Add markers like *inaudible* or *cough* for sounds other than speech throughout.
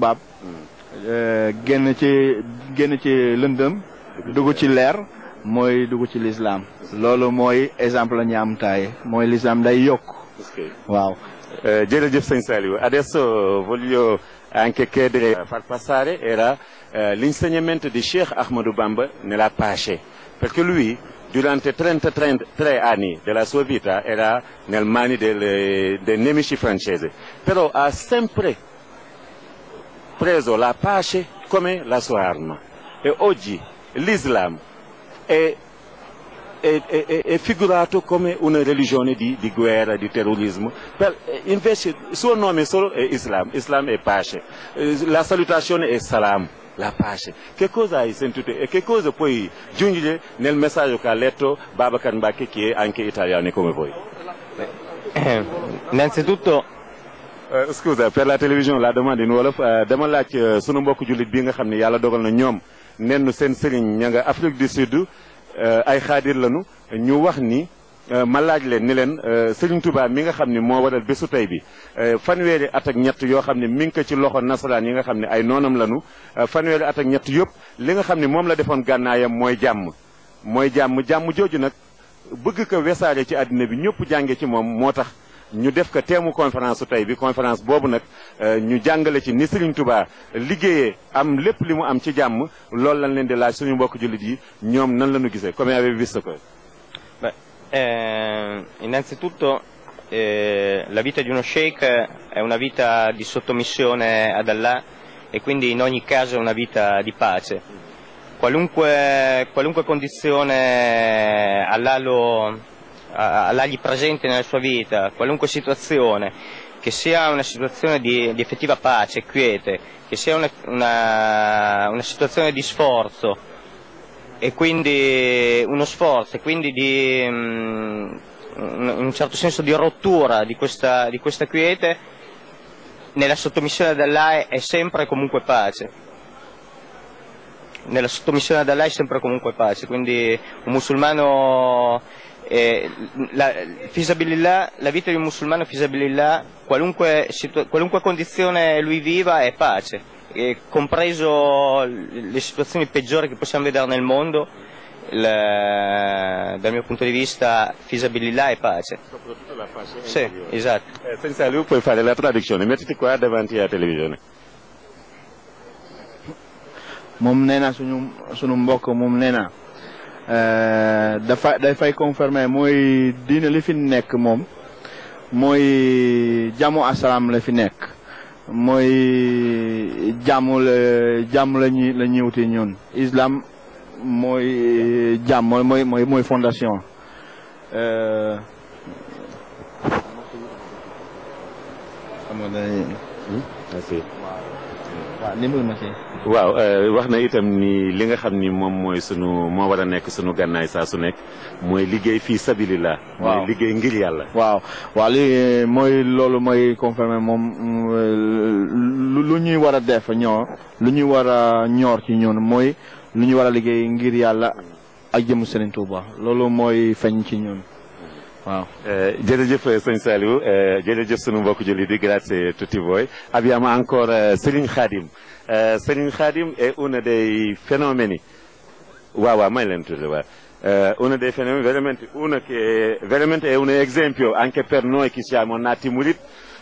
baab euh, génn ci génn ci lëndëm dugg ci leer mooy duggu ci lislaam loolu mooy exemple la ñu am taay mooy lislaam day yokk waaw euh, jërëjëf sëñ Saliou adesso voglio anche chiedere far passare era euh, l'insegnamento di Cheikh Ahmadou Bamba nella pace perché lui durante 33 anni della sua vita era nel mani de nemici francesi però ha sempre preso la pace come la sua arma e oggi l'Islam e è, è, è, figurato come una religione di, di guerra, di terrorismo. Eh, invece il nome solo è Islam, Islam è pace. Eh, la salutazione e salam, la pace. Che cosa hai sentito e che cosa puoi giungere nel messaggio che ha letto Babacar Mbacche che anche italiano come voi? Eh, scusa euh, per la télévision la demande in wolof euh, dama laaj euh, sunu mbokk jullit bi nga xam ni yàlla dogal na ñoom nenn seen sëriñ ña nga Afrique du Sud ay xaadir lañu ñu wax ni ma laaj leen ni leen Serigne Touba mi nga xam ne moo waral bésu tey bi fanweeri at ak ñett yoo xam ne mi ngi ko ci loxo nasaraan yi nga xam ne ay noonam lañu fanweeri at ak ñett yëpp li nga xam ne moom la defoon gànnaayam mooy jàmm mooy jàmm jàmm jooju nag bëgg ko wesaare ci àddina bi ñëpp jànge ci moom moo tax ñu def ko teemu conférence su tey bi conférence boobu nag euh, ñu jàngale ci ni Serigne Touba liggéeyee am lépp li mu am ci jàmm loolu lañ leen di laaj suñu mbokk jullit yi ñoom nan la ñu gisee come avete visto que Beh, euh, innanzitutto eh, la vita di uno sheikh è una vita di sottomissione ad Allah e quindi in ogni caso è una vita di pace. Qualunque, condizione Allah a, a presente nella sua vita qualunque situazione, che sia una situazione di, effettiva pace, e quiete, che sia una, situazione di sforzo e quindi uno sforzo e quindi di, mm, un certo senso di rottura di questa, quiete, nella sottomissione dell'AE è sempre e comunque pace nella sottomissione ad Allah e è sempre comunque pace, quindi un musulmano Eh, la, fisabilillah, la vita di un musulmano fisabilillah, qualunque, qualunque condizione lui viva è pace, e compreso le situazioni peggiori che possiamo vedere nel mondo, eh, dal mio punto di vista fisabilità e pace. Soprattutto la pace sì, esatto. Eh, senza puoi fare la traduzione, mettiti qua davanti alla televisione. moom nee na suñu suñu mbokk moom nee na Euh, dafa dafay confirmer mooy diine li fi nekk moom mooy jàmmu asalaam la fi nekk mooy jàmmu la jàmm la ñuy la wuti ñun islam mooy jàmm mooy mooy xam euh, nga Ah, waaw euh, wax na itam ni li nga xam ni moom mooy sunu moo war a nekk sunu gànnaay saa su nekk mooy liggéey fii sabilillah mooy liggéey ngir yàlla waaw waaw li mooy loolu mooy confirmer moom mm, lu ñuy war a def ñoo lu ñuy war a ñoor ci ñun mooy lu ñuy war a liggéey ngir yàlla ak jëmu Serigne Touba loolu mooy feeñ ci ñun waaw eh, jërëjëf eh, sëñ Saliou eh, jërëjëf suñu mbokk julli di grazie tutti voi abbiamo ancora Serigne Khadim Serigne Khadim è uno dei fenomeni waaw waaw may leen tudd waaw uno dei fenomeni veramente uno che veramente è un esempio anche per noi che siamo nati murit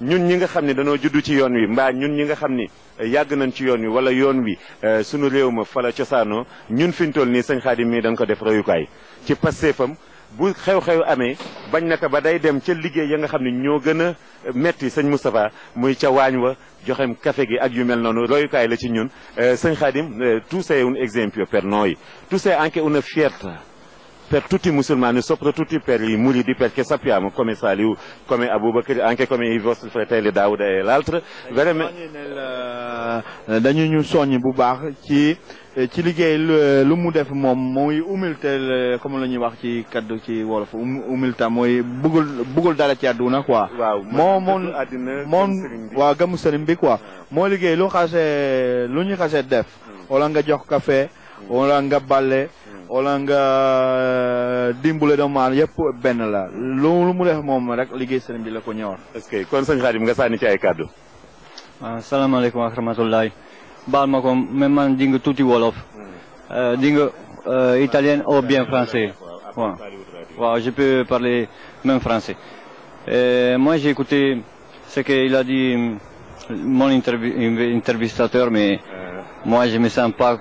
ñun ñi nga xam ne dañoo juddu ci yoon wi mbaa ñun ñi nga xam ni yàgg nañ ci yoon wi wala yoon wi sunu réew ma fala cosaanoo ñun fi ñu toll nii sëñ Xaadim mii dañ ko def royukaay ci passeefam bu xew-xew amee bañ naka ba day dem ca liggéey ya nga xam ne ñoo gën a metti sëñ Moustapha muy ca waañ wa joxem café gi ak yu mel na nu royukaay la ci ñun euh, sëñ Khadim euh, tu sei un esempio per noi tu sei anche una fierta per tutti i musulmani, soprattutto per i muridi, perché sappiamo come Saliu, come Abubakar, anche come i vostri fratelli Dauda e l'altro, veramente... Euh, dañu ñu soññ bu baax ci euh, ci liggéey euh, lu mu def moom mooy humilité comme la ñuy wax ci kaddu ci wolof humilité mooy bëggul bëggul dara ci àdduna quoi. waaw moom moom moom waa gëmu sëriñ bi quoi. moo liggéey lu xasee lu ñuy xasee def. Hmm. wala nga jox kafe hmm. wala nga balle. Hmm. wala nga dimbule doomu aadama yëpp benn la loolu mu def moom rek liggéey sëriñ bi la ko ñëwar. est-ce que kon sëñ Xaadim nga sànni ci ay kaddu. Ah, salaamaaleykum wa rahmatullahi baal ma ko même man dinga tuuti wolof hmm. euh, dinga euh, italien ou bien français waaw waaw je peux parler même français Et euh, moi j'ai écouté ce qu'il a dit mon intervistateur mais moi je me sens pas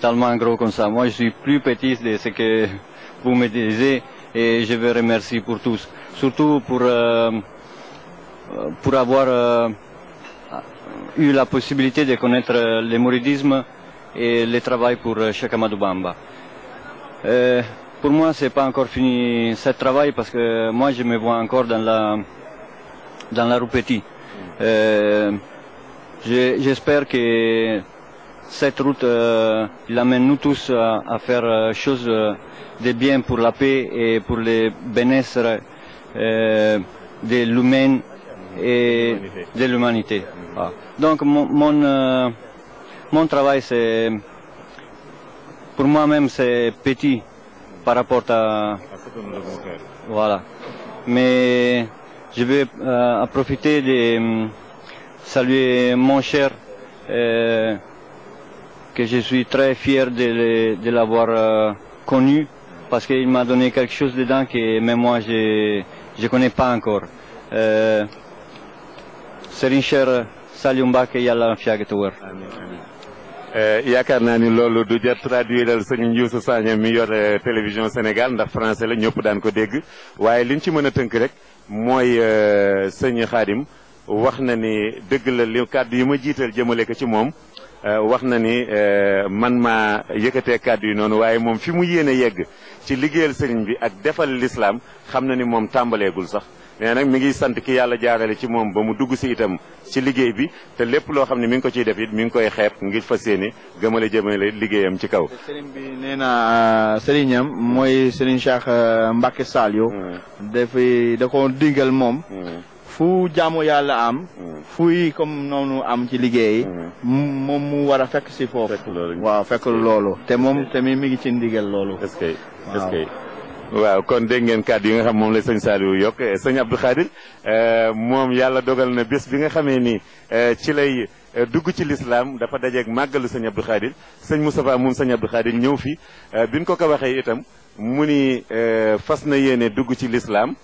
tellement gros comme ça je suis plus petit de ce que vous me disiez et je veux remercier pour tous surtout pour euh, avoir eu la possibilité de connaître e le mouridisme et le travail pour Cheikh Amadou Bamba. Euh, pour moi, ce n'est pas encore fini ce travail parce que moi, je me vois encore dans la, dans la rue Petit. Euh, J'espère que cette route euh, l'amène nous tous à, faire euh, choses de bien pour la paix et pour le ben être euh, de l'humain et de l'humanité. Mm-hmm. Ah. Donc mon, mon, euh, mon travail, c'est pour moi-même, c'est petit par rapport à... Voilà. Mais je vais euh, profiter de euh, saluer mon cher, euh, que je suis très fier de, de l'avoir euh, connu, parce qu'il m'a donné quelque chose dedans que même moi, je ne connais pas encore. Euh, Serigne Cheikh Saliou Mbacke yàlla na fi te wër. Eh, yaakaar naa ni loolu du jar traduire sëñ Youssou Sagna mi yor télévision Sénégal ndax français la ñëpp daan ko dégg waaye liñ ci mën a tënk rek mooy eh, sëñ Xaadim wax na ni dëgg la li kàddu yi ma jiital jëmale ko ci moom. Eh, wax na ni man maa yëkkatee kàddu yi noonu waaye moom fi mu yéene yegg ci liggéeyal sëriñ bi ak defal lislaam xam na ni moom tàmbaleegul sax. mais nag mi ngi sant ki yàlla jaarale ci moom ba mu dugg si itam ci liggéey bi te lépp loo xam ne mi ngi ko ciy def it mi ngi koy xeeb ngir fas yéene gëmale jëmale liggéeyam ci kaw. sëriñ bi nee naa euh, sëriñam mooy sëriñ Cheikh euh, Mbacke Saliou. Mm. dafay da ko digal moom. Mm. fu jaamu yàlla am. Mm. fuy comme noonu am ci liggéey. moom mu war a fekk si foofu. waaw fekk loolu te moom tamit mi ngi ci ndigal loolu. est waaw kon dégg ngeen kàddu yi nga xam moom la sëñ Saliou yokkee eh, sëñ Abdou Khadir eh, moom yàlla dogal na bés bi nga xamee ni eh, ci lay dugg ci lislaam dafa dajeeg màggalu sëñ Abdou Khadir sëñ Moustapha moom sëñ Abdou Khadir ñëw fi bi ñu ko ko waxee itam mu ni fas na yéene dugg ci lislaam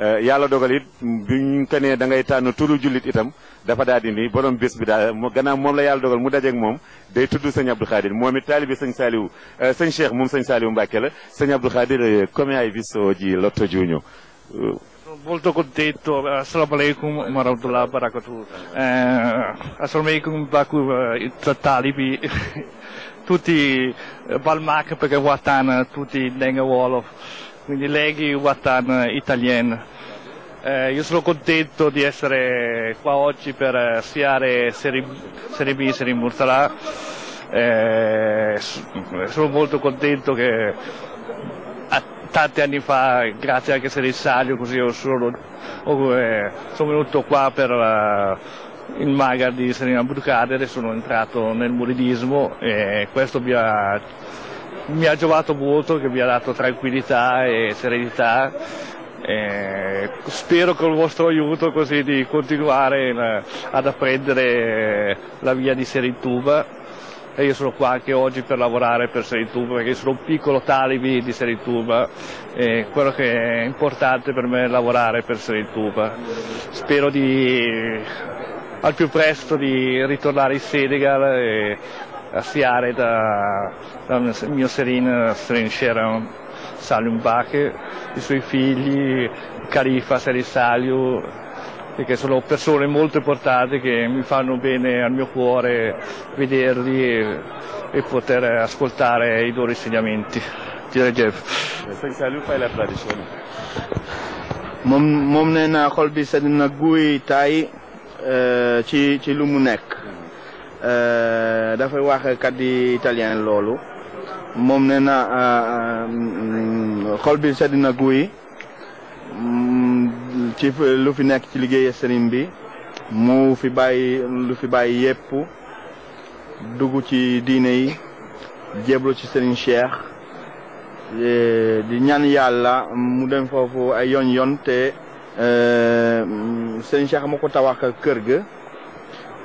Eh, yàlla dogal it biñ ko nee da ngay tànn turu jullit itam dafa daal di ni borom bi daal gannaaw moom la yàlla dogal mu dajeeg moom day tudd sëñ Abdou Khadir moom it taalibi sañ Saliou eh, sëñ Cheikh moom sëñ Saliou Mbacke la sëñ Abdou Khadir come hai visto oggi l'otto giugno molto contento, assalamu alaikum warahmatullahi wabarakatuh. Eh, assalamu alaikum baku i eh, talibi, *laughs* tutti balmak perché guatana, tutti nengawolof. quindi Leghi Watan Italien. Eh, io sono contento di essere qua oggi per siare Serie, serie Serie Murtalà. Eh, sono molto contento che tanti anni fa, grazie anche a Serie Salio, così eh, sono venuto qua per eh, il Magar di Serena Brucadere, sono entrato nel muridismo e questo mi ha mi ha giovato molto, che mi ha dato tranquillità e serenità. E spero col vostro aiuto così di continuare ad apprendere la via di Serituba e io sono qua anche oggi per lavorare per Serituba perché sono un piccolo talibi di Serituba e quello che è importante per me lavorare per Serituba. Spero di al più presto di ritornare in Senegal e fiare da, da Mioserin Strinceran Salim Bakr, i suoi figli, Califa Salisalio, e che sono persone molto importanti che mi fanno bene al mio cuore vederli e, poter ascoltare i loro insegnamenti. Ti Rajab. Sëñ Saliou fay la tradition. moom eh, ci ci nekk. Euh, dafay wax kàddu italien loolu moom nee na euh, euh, xol bi sedd na guy mm, ci lu fi nekk ci liggéey sëriñ bi mu fi bàyyi lu fi bàyyi yépp dugg ci diine yi jéblu ci sëriñ Cheikh di ñaan yàlla mu dem foofu ay yoon yoon te sëriñ Cheikh moo ko tawax kër ga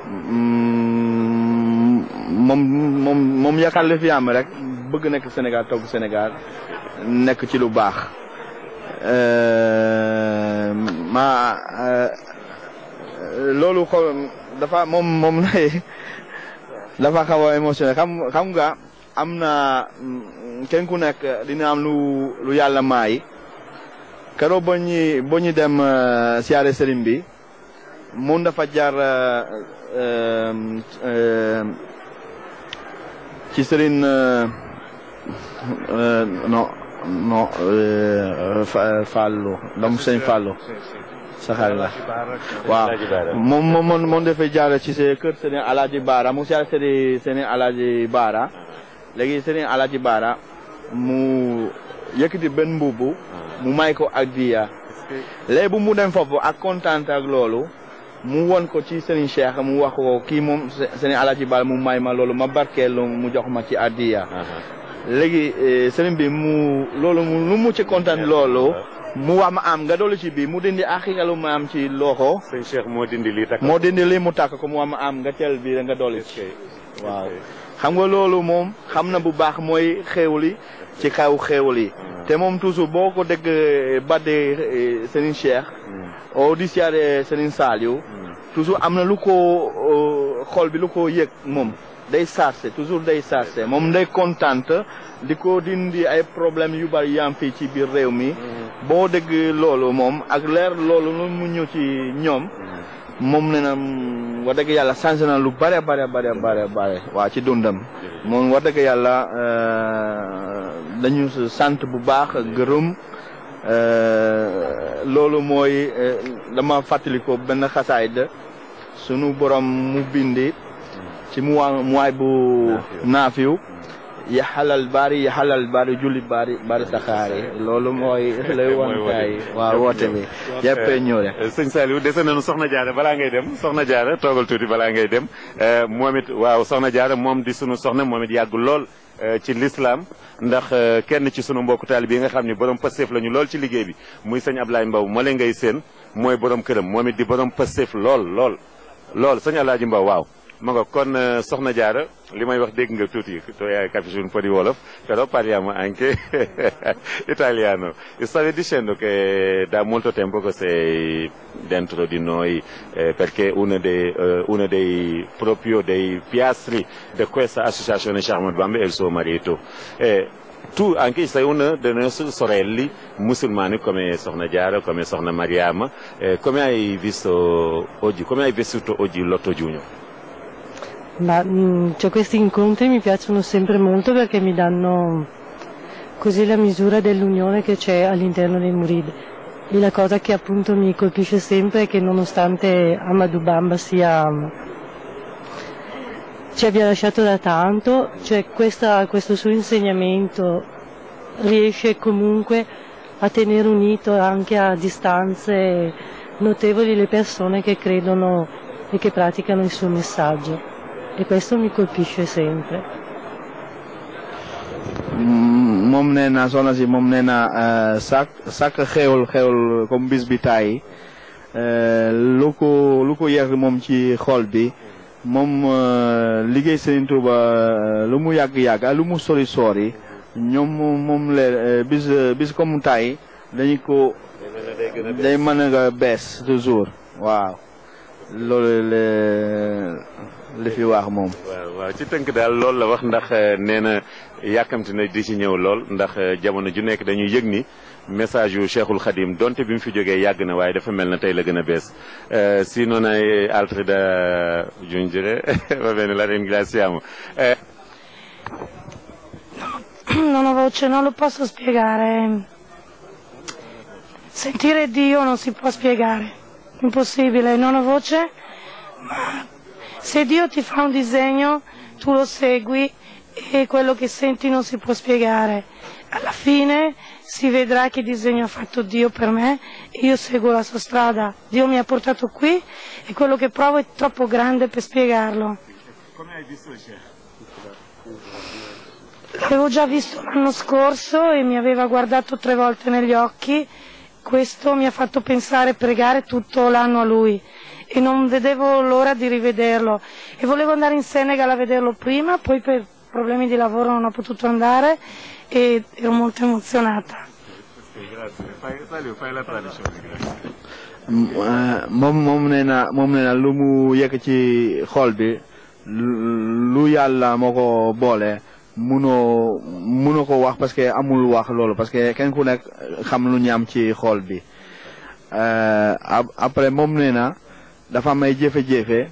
mm, moom moom moom yaakaar la fi am rek bëgg nekk Sénégal togg senegal nekk ci lu baax euh, ma euh, loolu xool dafa moom moom lay *laughs* dafa xaw a xam xam ga am na mm, kenn ku nekk dina am lu lu yàlla maay kero ba ñu ba ñu dem euh, siyaare sëriñ bi mun dafa jar ci sëriñ non non Fallou doomu sëñ Fallou saxaar la waaw moom moom moom dafay jaar ci se kër sëriñ Alaaji Baara mu jaar sëriñ sëriñ Alaaji Baara léegi sëriñ Alaaji Baara mu yëkkati benn mbubb mu may ko ak diya léegi bu mu dem foofu ak kontaan ak loolu mu won ko ci Serigne Cheikh mu wax ko kii moom Serigne Alaaji bal mu may ma loolu ma barkeelu mu jox ma ci addiya léegi eh, Serigne bi mu loolu mu lu mu ci kontaan loolu mu wam am nga dolli ci bi mu dindi axigalu ma am ci loxo. sëñ Cheikh moo dindi lii takk moo dindi lii mu tàkk ko mu wam am nga teel bi nga dolli ci. waaw xam nga loolu moom xam na bu baax mooy xéewli ci kaw xéewli. Hmm. te moom toujours boo ko dégg eh, badde eh, Serigne Cheikh. Hmm. au di siyaare Serigne Saliou. Hmm. toujours am na lu ko euh, xol bi lu ko yëg moom. day sarse toujours day sarse moom day kontaan di ko dindi ay problème yu bari yaam fii ci biir réew mi mm. boo dégg loolu moom ak leer loolu nu mu ñëw ci ñoom mm. moom nee na wax dëgg yàlla changé na lu bare bare bare bare bare waa ci dundam mm. moom wa dëgg yàlla euh, dañu sant bu baax gërëm euh, loolu mooy euh, dama fàttali ko benn xasaayda sunu borom mu bindi ci muwaay muwaay bu naafiw mm. ya xalal baari ya xalal baari julli baari baari saxaari loolu mooy *laughs* lay wankaay waaw woote bi yëppee ñuure eh, sëñ Saliou dese nañu soxna jaara balaa ngay dem soxna jaara toogal tuuti balaa ngay dem eh, moom it waaw soxna jaara moom di sunu soxna moom it yàgg lool eh, ci lislaam ndax kenn ci sunu mbokku taali bi nga xam ni borom Pastef lañu lool ci liggéey bi muy sëñ Ablaye Mbaw moo ngay seen mooy boroom këram moom it di borom Pastef lool lool lool sëñ Mbaw waaw ma nga kon euh, soxna jaara li may wax dégg nga tuuti to hai capisci un po' di wolof però parliamo anche *laughs* italiano stavi dicendo che da molto tempo che sei dentro di noi eh, perché uno dei, eh, uno piastri di questa associazione Charmant Bamba è il suo marito eh, tu anche sei una delle nostre sorelle musulmane come Sokhna Diarra come Sokhna Mariama eh, come hai visto oggi come hai vissuto oggi l'8 giugno Ma, mh, mm, cioè, questi incontri mi piacciono sempre molto perché mi danno così la misura dell'unione che c'è all'interno dei Murid. E la cosa che appunto mi colpisce sempre è che nonostante Amadou Bamba ci abbia lasciato da tanto, cioè questo suo insegnamento riesce comunque a tenere unito anche a distanze notevoli le persone che credono e che praticano il suo messaggio. e moom nee na soxna si moom nee na eh, sàkk sàkk xewul xewul comme bis bi tàyyi eh, lu ko lu ko yar moom ci xool bi moom eh, liggéey Serigne Touba lu mu yàgg yàgg lu mu sori sori ñoom moom la bis bis comme tàyyi dañu ko day mën a bees toujours waaw loolu la li fi waax moom. waaw waaw ci tënk daal loolu la wax ndax euh, nee na yàkkamti na di ci ñëw lool ndax euh, jamono ju nekk dañuy yëg ni message yu Cheikhul Khadim donte bi mu fi jógee yàgg na waaye dafa mel na tey la gën a bees. Euh, si *laughs* non ay altri da giungere va bene la ringraziamo. Non voce, non lo posso spiegare. Sentire Dio non si può spiegare, impossibile, non voce, Se Dio ti fa un disegno, tu lo segui e quello che senti non si può spiegare. Alla fine si vedrà che disegno ha fatto Dio per me e io seguo la sua strada. Dio mi ha portato qui e quello che provo è troppo grande per spiegarlo. L'avevo già visto l'anno scorso e mi aveva guardato tre volte negli occhi. Questo mi ha fatto pensare e pregare tutto l'anno a lui. e non vedevo l'ora di rivederlo e volevo andare in Senegal a vederlo prima, poi per problemi di lavoro non ho potuto andare e ero molto emozionata. Okay, grazie, mm, eh, na moom nee lu mu yëkk ci xol bi lu yàlla moo ko boole munoo munoo ko wax parce que amul wax loolu parce que kenn ku nekk xam lu ñaam ci xol bi eh, après moom nee dafa am ay jafe-jafe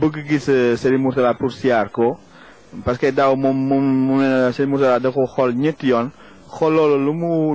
bëgg gis euh, Serigne Mourtada pour siyaar ko parce que daaw moom moom mu ne Serigne Mourtada da ko xool ñetti yoon xool loolu lu mu